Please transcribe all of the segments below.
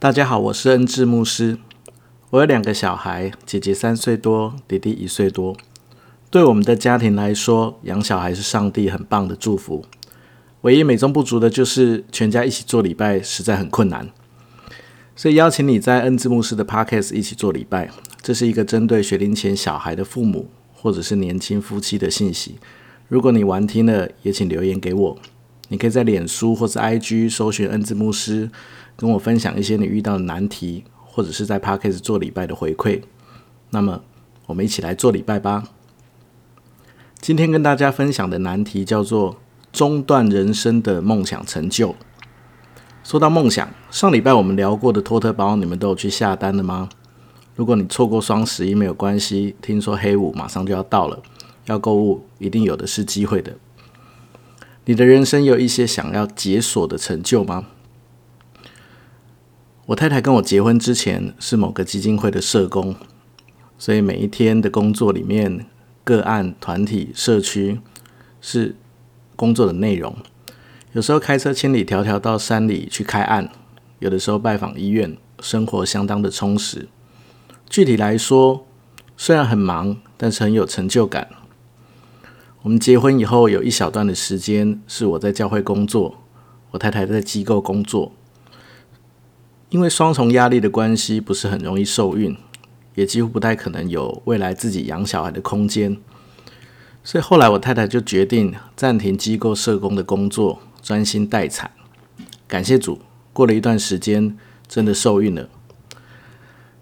大家好，我是恩智牧師。我有兩個小孩，姐姐三歲多，弟弟一歲多。對我們的家庭來說，養小孩是上帝很棒的祝福。唯一美中不足的就是，全家一起做禮拜實在很困難。所以邀請你在恩智牧師的 Podcast 一起做禮拜，這是一個針對學齡前小孩的父母或者是年輕夫妻的信息。如果你完聽了，也請留言給我。你可以在臉書或是 IG 搜尋恩智牧師。跟我分享一些你遇到的難題，或者是在 Podcast 做禮拜的回饋。那麼，我們一起來做禮拜吧。今天跟大家分享的難題叫做“中斷人生的夢想成就”。說到夢想，上禮拜我們聊過的托特包，你們都有去下單的嗎？如果你錯過雙十一沒有關係，聽說黑五馬上就要到了，要購物一定有的是機會的。你的人生有一些想要解鎖的成就嗎？我太太跟我結婚之前是某個基金會的社工，所以每一天的工作裡面，個案、團體、社區是工作的內容。有時候開車千里迢迢到山裡去開案，有的時候拜訪醫院，生活相當的充實。具體來說，雖然很忙，但是很有成就感。我們結婚以後有一小段的時間是我在教會工作，我太太在機構工作。因為雙重壓力的關係，不是很容易受孕，也幾乎不太可能有未來自己養小孩的空間，所以後來我太太就決定暫停機構社工的工作，專心待產。感謝主，過了一段時間，真的受孕了。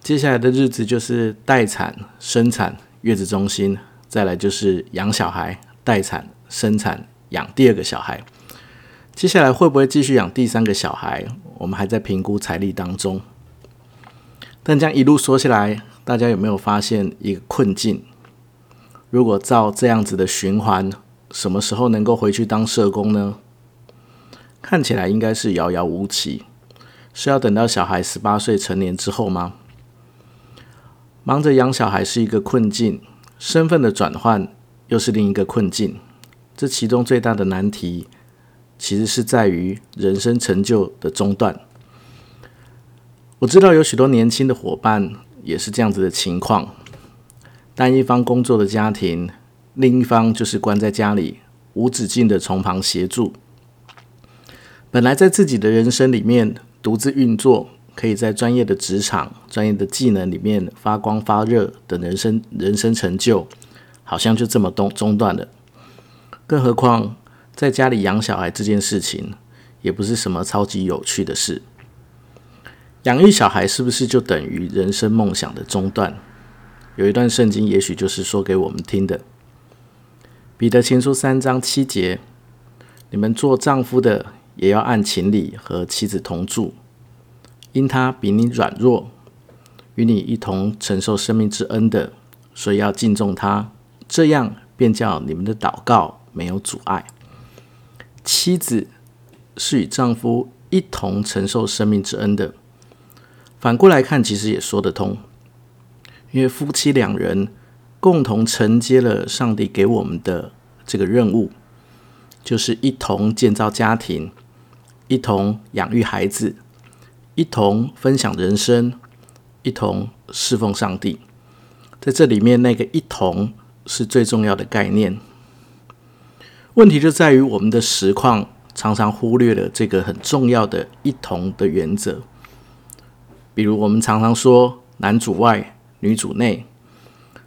接下來的日子就是待產、生產、月子中心，再來就是養小孩、待產、生產、養第二個小孩。接下來會不會繼續養第三個小孩？我們還在評估財力當中。但這樣一路說下來，大家有沒有發現一個困境？如果照這樣子的循環，什麼時候能夠回去當社工呢？看起來應該是遙遙無期，是要等到小孩十八歲成年之後嗎？忙着養小孩是一個困境，身份的轉換又是另一個困境。這其中最大的難題。其實是在於人生成就的中斷。我知道有許多年輕的夥伴也是這樣子的情況，但一方工作的家庭，另一方就是關在家裡，無止境的從旁協助。本來在自己的人生裡面獨自運作，可以在專業的職場、專業的技能裡面發光發熱的人生、人生成就，好像就這麼中斷了。更何況。在家裡養小孩這件事情，也不是什麼超級有趣的事。養育小孩是不是就等於人生夢想的中斷？有一段聖經，也許就是說給我們聽的，《彼得前書》三章七節：“你們做丈夫的，也要按情理和妻子同住，因他比你軟弱，與你一同承受生命之恩的，所以要敬重他。這樣便叫你們的禱告沒有阻礙。”妻子是與丈夫一同承受生命之恩的。反過來看，其實也說得通，因為夫妻兩人共同承接了上帝給我們的這個任務，就是一同建造家庭，一同養育孩子，一同分享人生，一同侍奉上帝。在這裡面，那個“一同”是最重要的概念。問題就在於我們的實況常常忽略了這個很重要的一同的原則，比如我們常常說男主外女主內，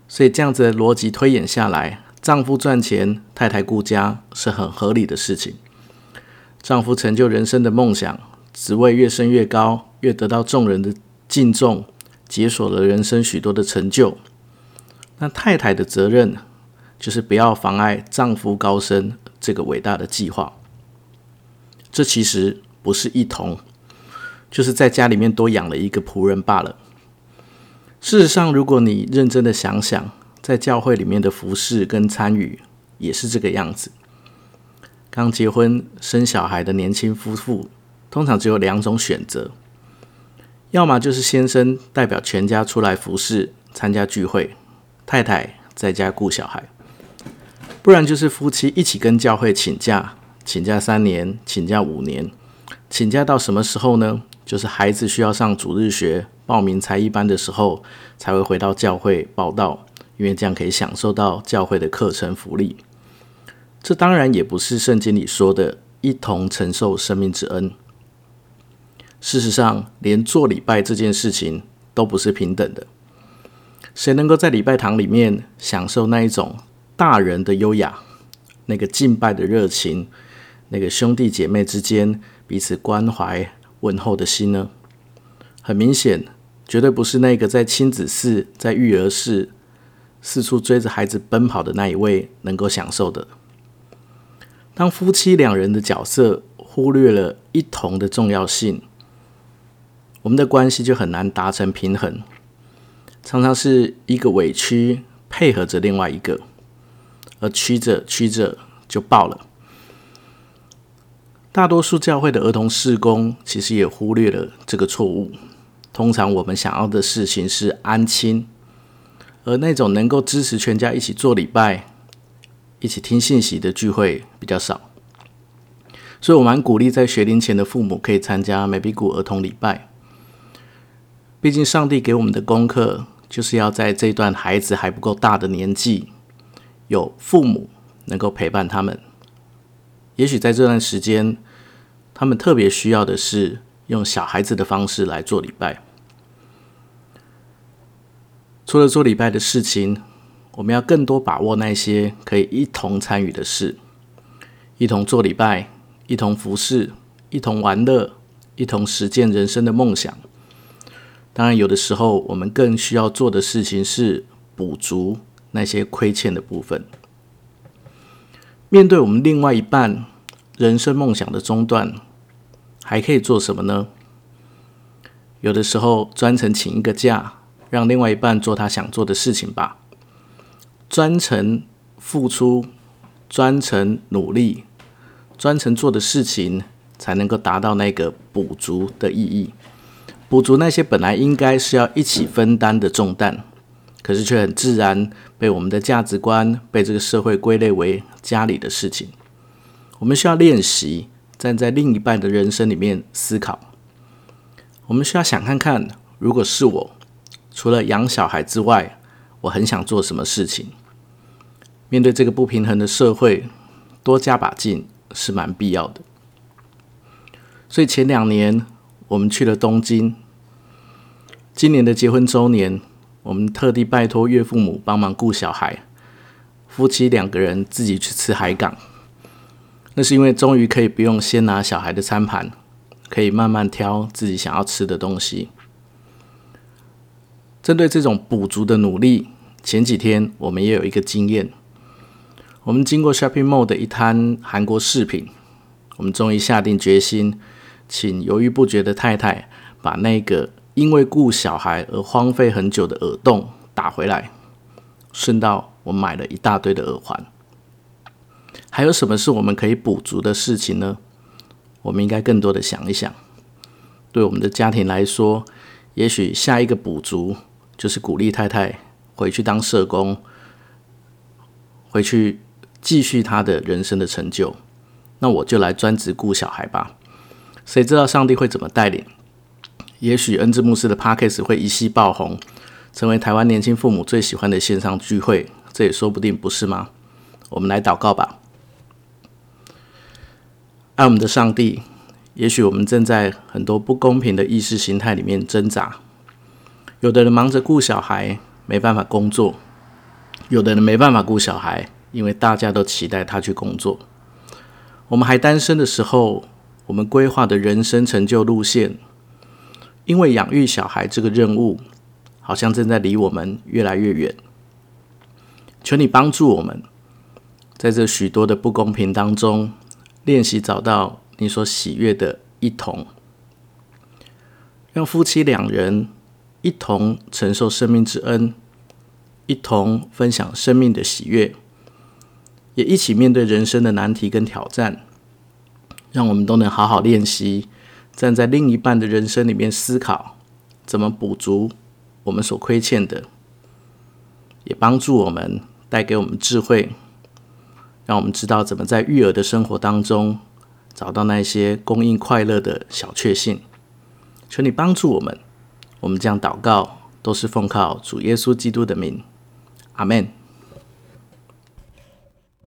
所以這樣子的邏輯推演下來，丈夫賺錢，太太顧家是很合理的事情。丈夫成就人生的夢想，職位越升越高，越得到眾人的敬重，解鎖了人生許多的成就。那太太的責任就是不要妨礙丈夫高升。這個偉大的計劃，這其實不是一同，就是在家裡面多養了一個僕人罷了。事實上，如果你認真的想想，在教會裡面的服侍跟參與也是這個樣子。剛結婚生小孩的年輕夫婦，通常只有兩種選擇，要麼就是先生代表全家出來服侍，參加聚會，太太在家顧小孩。不然就是夫妻一起跟教會請假，請假三年，請假五年，請假到什麼時候呢？就是孩子需要上主日學、報名才藝班的時候，才會回到教會報到，因為這樣可以享受到教會的課程福利。這當然也不是聖經裡說的“一同承受生命之恩”。事實上，連做禮拜這件事情都不是平等的。誰能夠在禮拜堂裡面享受那一種？大人的優雅，那個敬拜的熱情，那個兄弟姐妹之間彼此關懷問候的心呢？很明顯，絕對不是那個在親子室、在育兒室四處追着孩子奔跑的那一位能夠享受的。當夫妻兩人的角色忽略了一同的重要性，我們的關係就很難達成平衡，常常是一個委屈配合着另外一個。而曲折，曲折就爆了。大多數教會的兒童事工其實也忽略了這個錯誤。通常我們想要的事情是安親，而那種能夠支持全家一起做禮拜、一起聽信息的聚會比較少。所以，我蠻鼓勵在學齡前的父母可以參加美比谷兒童禮拜。畢竟，上帝給我們的功課就是要在這段孩子還不夠大的年紀，有父母能夠陪伴他們，也許在這段時間，他們特別需要的是用小孩子的方式來做禮拜。除了做禮拜的事情，我們要更多把握那些可以一同參與的事，一同做禮拜，一同服侍，一同玩樂，一同實踐人生的夢想。當然，有的時候我們更需要做的事情是補足。那些虧欠的部分，面對我們另外一半人生夢想的中斷，還可以做什麼呢？有的時候專程請一個假，讓另外一半做他想做的事情吧。專程付出、專程努力、專程做的事情，才能夠達到那個補足的意義。補足那些本來應該是要一起分擔的重擔。可是卻很自然被我們的價值觀被這個社會歸類為家裡的事情。我們需要練習站在另一半的人生裡面思考。我們需要想看看，如果是我，除了養小孩之外，我很想做什麼事情。面對這個不平衡的社會，多加把勁是蠻必要的。所以前兩年我們去了東京，今年的結婚週年。我們特地拜託岳父母幫忙顧小孩，夫妻兩個人自己去吃海港。那是因為終於可以不用先拿小孩的餐盤，可以慢慢挑自己想要吃的東西。針對這種補足的努力，前幾天我們也有一個經驗。我們經過 Shopping Mall 的一攤韓國飾品，我們終於下定決心，請猶豫不決的太太把那個，因為顧小孩而荒廢很久的耳洞打回來，順道我買了一大堆的耳環。還有什麼是我們可以補足的事情呢？我們應該更多的想一想。對我們的家庭來說，也許下一個補足就是鼓勵太太回去當社工，回去繼續她的人生的成就。那我就來專職顧小孩吧。誰知道上帝會怎麼帶領？也許恩智牧師的 Podcast 會一夕爆紅，成為台灣年輕父母最喜歡的線上聚會，這也說不定不是嗎？我們來禱告吧。愛我們的上帝，也許我們正在很多不公平的意識形態裡面掙扎。有的人忙着顧小孩，沒辦法工作；有的人沒辦法顧小孩，因為大家都期待他去工作。我們還單身的時候，我們規劃的人生成就路線。因為養育小孩這個任務，好像正在離我們越來越遠。求你幫助我們，在這許多的不公平當中，練習找到你所喜悅的一同，讓夫妻兩人一同承受生命之恩，一同分享生命的喜悅，也一起面對人生的難題跟挑戰，讓我們都能好好練習。站在另一半的人生裡面思考，怎麼補足我們所虧欠的，也幫助我們帶給我們智慧，讓我們知道怎麼在育兒的生活當中找到那些供應快樂的小確幸。求你幫助我們，我們這樣禱告都是奉靠主耶穌基督的名。阿門。